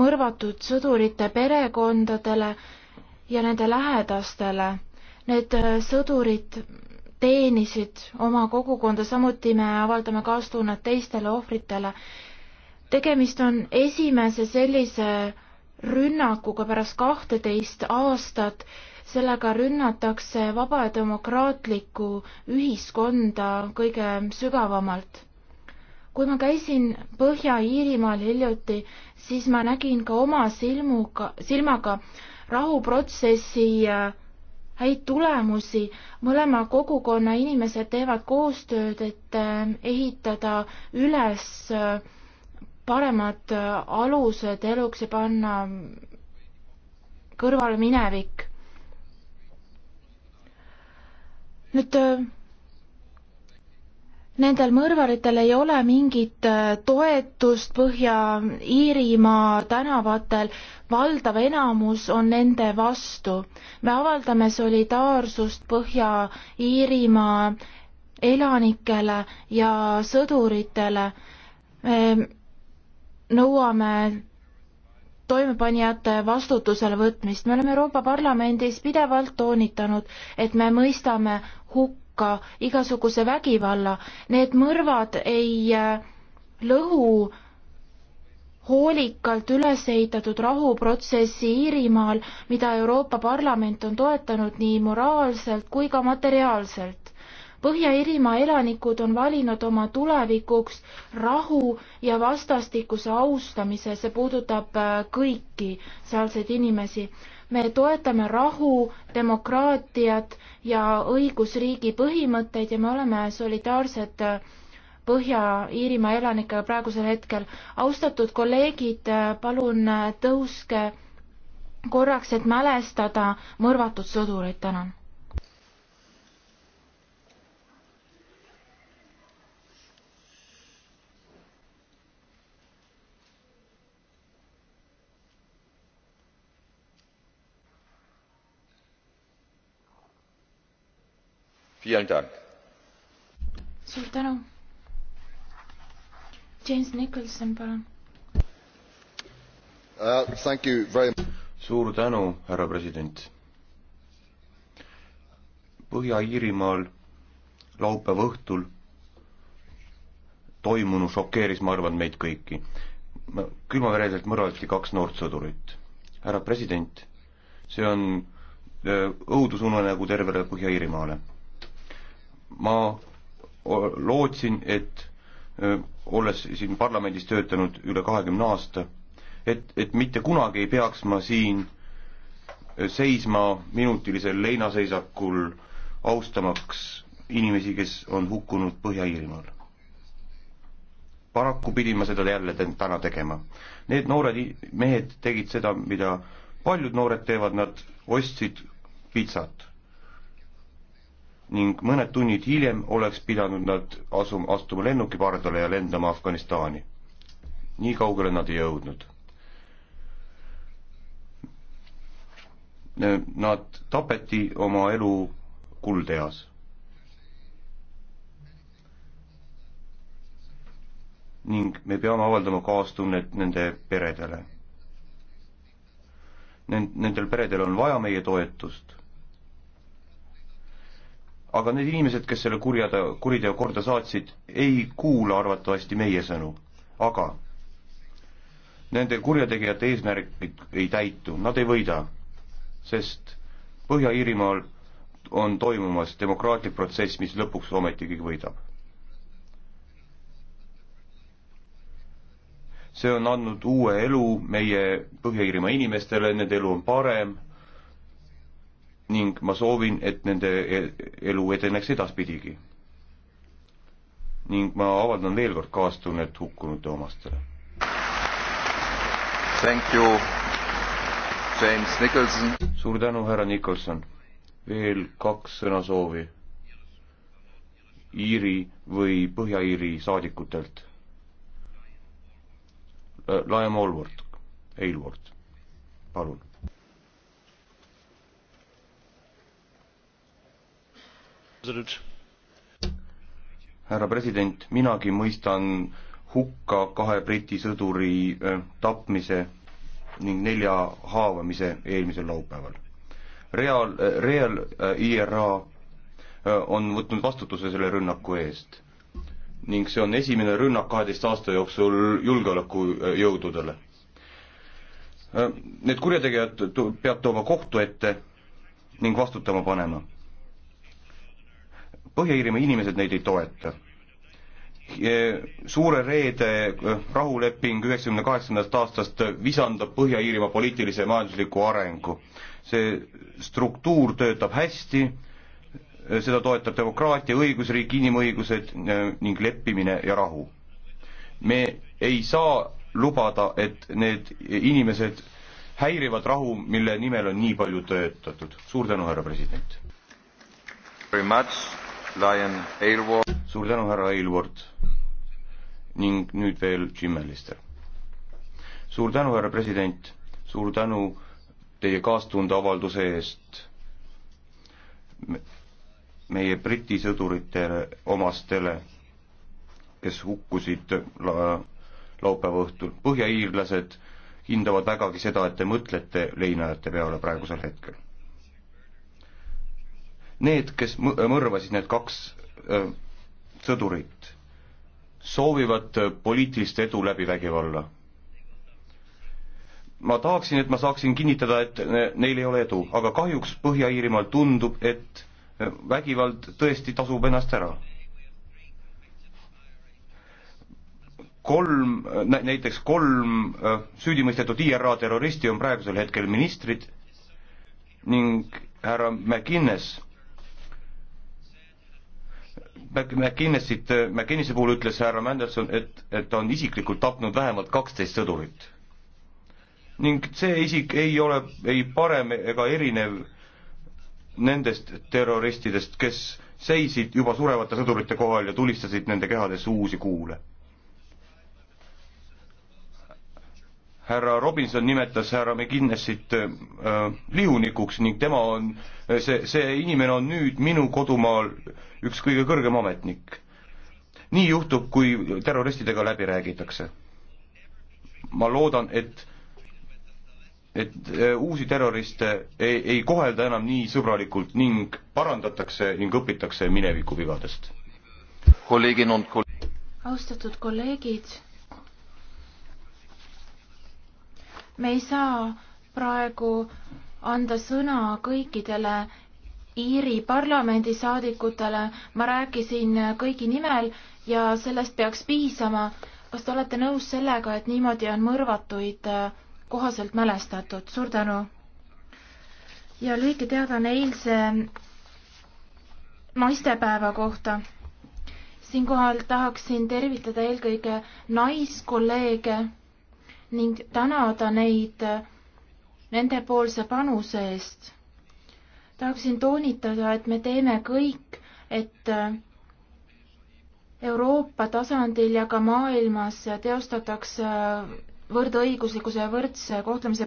mõrvatud sõdurite perekondadele ja nende lähedastele. Need äh, sõdurid teenisid oma kogukonda, samuti me avaldame kaastunnet teistele ohvritele. tegemist on esimese sellise rünnakuga pärast kahteteist aastat, sellega rünnatakse vaba ja demokraatlikku ühiskonda kõige sügavamalt kui ma käisin Põhja-Iirimaal hiljuti, siis ma nägin ka oma silmuga, silmaga rahuprotsessi äh, häid tulemusi. mõlema kogukonna inimesed teevad koostööd, et äh, ehitada üles äh, paremad alused eluks ja panna kõrvale minevik. nüüd Nendel mõrvaritel ei ole mingit äh, toetust Põhja-Iirimaa tänavatel, valdav enamus on nende vastu. me avaldame solidaarsust Põhja-Iirimaa elanikele ja sõduritele. me nõuame toimepanijate vastutusele võtmist. me oleme Euroopa Parlamendis pidevalt toonitanud, et me mõistame hukka hukka igasuguse vägivalla. Need mõrvad ei äh, lõhu hoolikalt üles ehitatud rahuprotsessi Iirimaal, mida Euroopa Parlament on toetanud nii moraalselt kui ka materiaalselt. Põhja-Iirimaa elanikud on valinud oma tulevikuks rahu ja vastastikuse austamise, see puudutab äh, kõiki sealseid inimesi me toetame rahu, demokraatiat ja õigusriigi põhimõtteid ja me oleme solidaarsed äh, Põhja-Iirimaa elanikega praegusel hetkel. austatud kolleegid, äh, palun äh, tõuske korraks, et mälestada mõrvatud sõdureid, tänan suur tänu. James Nicholson, palun uh,. suur tänu, härra president. Põhja-Iirimaal laupäeva õhtul toimunu šokeeris, ma arvan, meid kõiki. külmavereselt mõrvati kaks noort sõdurit. härra president, see on äh, õudusunenägu tervele Põhja-Iirimaale ma lootsin, et olles siin parlamendis töötanud üle kahekümne aasta, et, et mitte kunagi ei peaks ma siin seisma minutilisel leinaseisakul austamaks inimesi, kes on hukkunud Põhja-Iirimaal. paraku pidin ma seda jälle täna tegema. Need noored mehed tegid seda, mida paljud noored teevad, nad ostsid pitsat ning mõned tunnid hiljem oleks pidanud nad asum-, astuma lennuki pardale ja lendama Afganistani. nii kaugele nad ei jõudnud. Nad tapeti oma elu kuldeas. ning me peame avaldama kaastunnet nende peredele. Nend-, nendel peredel on vaja meie toetust aga need inimesed, kes selle kurjade, kuriteo korda saatsid, ei kuula arvatavasti meie sõnu. aga nende kurjategijate eesmärgid ei täitu, nad ei võida, sest Põhja-Iirimaal on toimumas demokraatlik protsess, mis lõpuks ometigi võidab. see on andnud uue elu meie Põhja-Iirimaa inimestele, nende elu on parem ning ma soovin, et nende e-, elu edeneks edaspidigi. ning ma avaldan veel kord kaastunnet hukkunute omastele. Thank you, James Nicholson. suur tänu, härra Nicholson. veel kaks sõnasoovi Iiri või Põhja-Iiri saadikutelt. Laem Olvort, Eilvort, palun. härra president, minagi mõistan hukka kahe Briti sõduri äh, tapmise ning nelja haavamise eelmisel laupäeval. Real, äh, Real äh, IRA on võtnud vastutuse selle rünnaku eest ning see on esimene rünnak kaheteist aasta jooksul julgeolekujõududele. Need kurjategijad peab tooma kohtu ette ning vastutama panema Põhja-Iirimaa inimesed neid ei toeta. Suure reede e, rahuleping üheksakümne kaheksandast aastast visandab Põhja-Iirimaa poliitilise ja majandusliku arengu. see struktuur töötab hästi, e, seda toetab demokraatia, õigusriik, inimõigused e, ning leppimine ja rahu. me ei saa lubada, et need inimesed häirivad rahu, mille nimel on nii palju töötatud. suur tänu, härra president! very much. Lion Aylward. suur tänu, härra Aylward. ning nüüd veel Jim Allister. suur tänu, härra president, suur tänu teie kaastunde avalduse eest meie Briti sõduritele, omastele, kes hukkusid la-, laupäeva õhtul. põhjaiirlased hindavad vägagi seda, et te mõtlete leinajate peale praegusel hetkel Need, kes mõrvasid need kaks öö, sõdurit, soovivad poliitilist edu läbi vägivalla. ma tahaksin, et ma saaksin kinnitada, et neil ei ole edu, aga kahjuks Põhja-Iirimaal tundub, et vägivald tõesti tasub ennast ära kolm, näiteks kolm süüdimõistetud IRA terroristi on praegusel hetkel ministrid ning härra McInnes McKinnesit, McKinnise puhul ütles härra Mandelson, et, et ta on isiklikult tapnud vähemalt kaksteist sõdurit. ning see isik ei ole ei parem ega erinev nendest terroristidest, kes seisid juba surevate sõdurite kohal ja tulistasid nende kehadesse uusi kuule härra Robinson nimetas härra McGinnessit äh, lihunikuks ning tema on, äh, see, see inimene on nüüd minu kodumaal üks kõige kõrgem ametnik. nii juhtub, kui terroristidega läbi räägitakse. ma loodan, et et äh, uusi terroriste ei, ei kohelda enam nii sõbralikult ning parandatakse ning õpitakse mineviku vigadest. austatud kolleegid me ei saa praegu anda sõna kõikidele Iiri parlamendisaadikutele, ma rääkisin kõigi nimel ja sellest peaks piisama. kas te olete nõus sellega, et niimoodi on mõrvatuid äh, kohaselt mälestatud? suur tänu! ja lühike teadaanne eilse naistepäeva kohta. siinkohal tahaksin tervitada eelkõige naiskolleege ning tänada neid nendepoolse panuse eest. tahaksin toonitada, et me teeme kõik, et Euroopa tasandil ja ka maailmas teostataks võrdõiguslikkuse ja võrdse kohtlemise